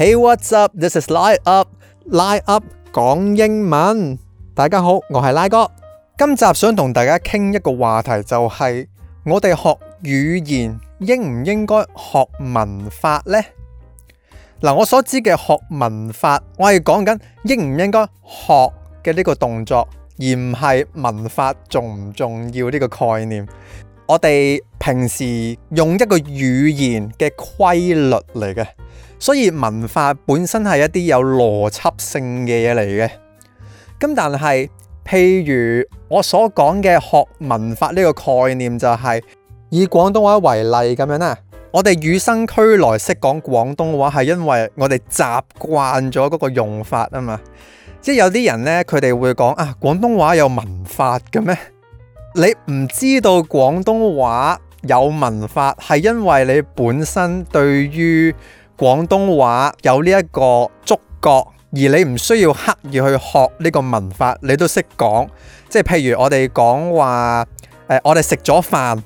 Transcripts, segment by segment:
Hey, what's up? This is Lai UP. Lai UP 講英文。大家好，我係拉哥。今集想同大家傾一個話題，就係我哋學語言應唔應該學文法呢？嗱，我所知嘅學文法，我係講緊應唔應該學嘅呢個動作，而唔係文法重唔重要呢個概念。我哋平時用一個語言嘅規律嚟嘅，所以文化本身係一啲有邏輯性嘅嘢嚟嘅。咁但係，譬如我所講嘅學文法呢個概念，就是，就係以廣東話為例咁樣啦。我哋與生俱來識講廣東話，係因為我哋習慣咗嗰個用法啊嘛。即、就、係、是、有啲人呢，佢哋會講啊，廣東話有文法嘅咩？你唔知道廣東話有文法，係因為你本身對於廣東話有呢一個觸覺，而你唔需要刻意去學呢個文法，你都識講。即係譬如我哋講話，誒，我哋食咗飯，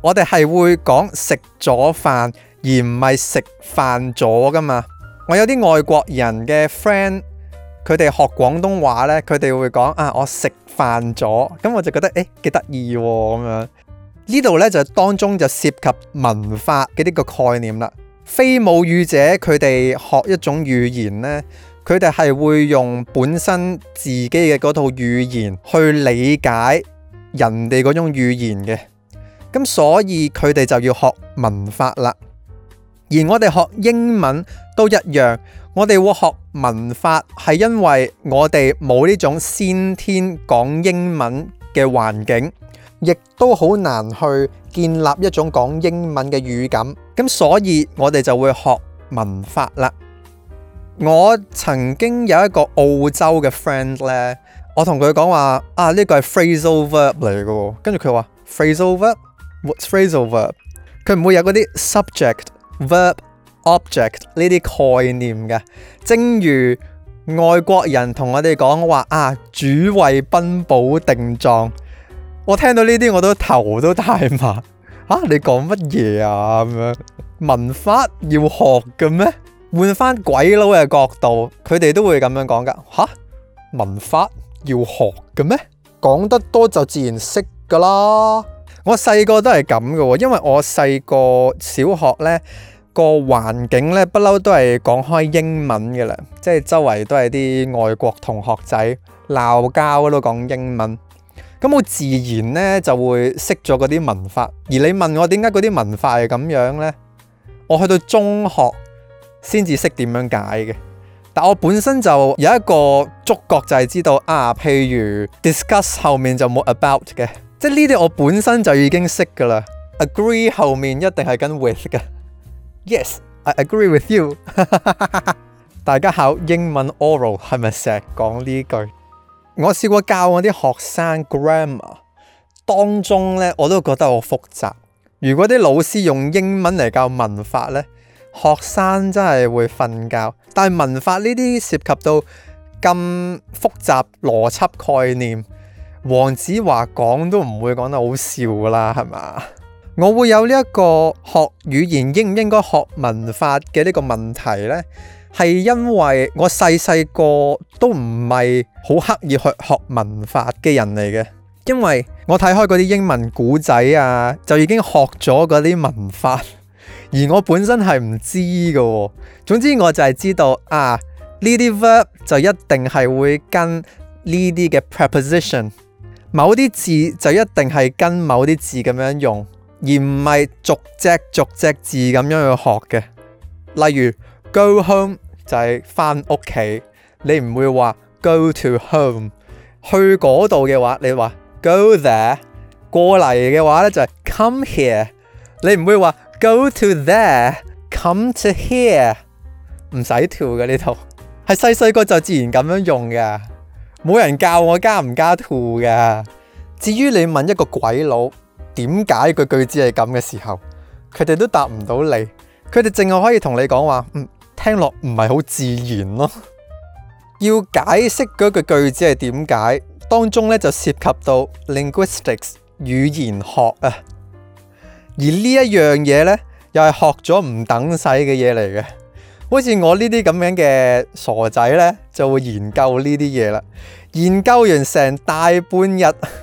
我哋係會講食咗飯，而唔係食飯咗噶嘛。我有啲外國人嘅 friend。佢哋學廣東話呢，佢哋會講啊，我食飯咗，咁我就覺得誒幾得意喎咁樣。呢度呢，就當中就涉及文化嘅呢個概念啦。非母語者佢哋學一種語言呢，佢哋係會用本身自己嘅嗰套語言去理解人哋嗰種語言嘅，咁所以佢哋就要學文化啦。而我哋學英文都一樣。我哋會學文法，係因為我哋冇呢種先天講英文嘅環境，亦都好難去建立一種講英文嘅語感。咁所以我哋就會學文法啦。我曾經有一個澳洲嘅 friend 咧，我同佢講話啊，呢個係 phrasal verb 嚟㗎，跟住佢話 phrasal verb，what's phrasal verb？佢唔會有嗰啲 subject verb。object 呢啲概念嘅。正如外國人同我哋講話啊，主謂賓補定狀，我聽到呢啲我都頭都大埋。吓、啊，你講乜嘢啊咁樣？文法要學嘅咩？換翻鬼佬嘅角度，佢哋都會咁樣講噶。吓、啊，文法要學嘅咩？講得多就自然識噶啦。我細個都係咁噶，因為我細個小學呢。個環境咧，不嬲都係講開英文嘅啦，即係周圍都係啲外國同學仔鬧交都講英文，咁我自然咧就會識咗嗰啲文法。而你問我點解嗰啲文法係咁樣的呢？我去到中學先至識點樣解嘅，但我本身就有一個觸覺就係知道啊，譬如 discuss 後面就冇 about 嘅，即係呢啲我本身就已經識嘅啦。agree 後面一定係跟 with 嘅。Yes, I agree with you。 大家考英文 oral 係咪成日講呢句？我試過教我啲學生 grammar 當中呢我都覺得好複雜。如果啲老師用英文嚟教文法呢，學生真係會瞓覺。但係文法呢啲涉及到咁複雜邏輯概念，黃子華講都唔會講得好笑㗎啦，係嘛？我會有呢一個學語言應唔應該學文法嘅呢個問題呢？係因為我細細個都唔係好刻意去學文法嘅人嚟嘅，因為我睇開嗰啲英文故仔啊，就已經學咗嗰啲文法，而我本身係唔知㗎喎。總之我就係知道啊，呢啲 verb 就一定係會跟呢啲嘅 preposition，某啲字就一定係跟某啲字咁樣用。而唔係逐隻逐隻字咁樣去學嘅。例如，go home 就係翻屋企，你唔會話 go to home；去嗰度嘅話，你話 go there；過嚟嘅話咧就係、是、come here，你唔會話 go to there，come to here，唔使 to 嘅呢套，係細細個就自然咁樣用嘅，冇人教我加唔加 to 嘅。至於你問一個鬼佬。點解嗰句子係咁嘅時候，佢哋都答唔到你，佢哋淨係可以同你講話，嗯，聽落唔係好自然咯，哦。 要解釋嗰句句子係點解，當中咧就涉及到 linguistics 語言學啊，而呢一樣嘢咧又係學咗唔等使嘅嘢嚟嘅。好似我呢啲咁樣嘅傻仔咧，就會研究呢啲嘢啦，研究完成大半日。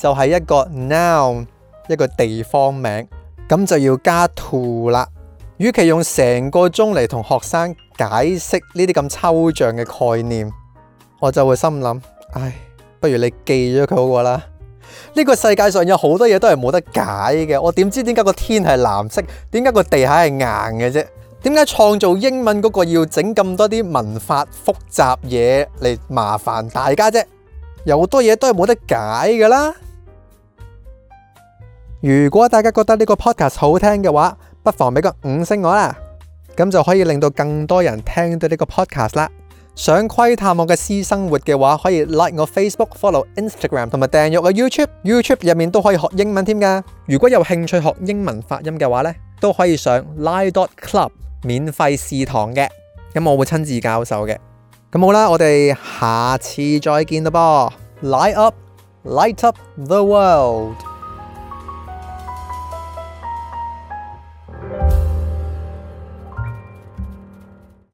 就係一個 noun，一個地方名，咁就要加 to 啦。與其用成個鐘嚟同學生解釋呢啲咁抽象嘅概念，我就會心諗，唉，不如你記咗佢好過啦。呢個世界上有好多嘢都係冇得解嘅。我點知點解個天係藍色？點解個地下係硬嘅啫？點解創造英文嗰個要整咁多啲文法複雜嘢嚟麻煩大家啫？有好多嘢都係冇得解噶啦。如果大家覺得呢個 podcast 好聽嘅話，不妨俾個五星我啦，咁就可以令到更多人聽到呢個 podcast 啦。想窺探我嘅私生活嘅話，可以 like 我 Facebook、follow Instagram 同埋訂閱我 YouTube。YouTube 入面都可以學英文添㗎。如果有興趣學英文發音嘅話呢，都可以上 Lai Dot Club 免費試堂嘅，咁我會親自教授嘅。咁好啦，我哋下次再見啦噃。Light up，light up the world。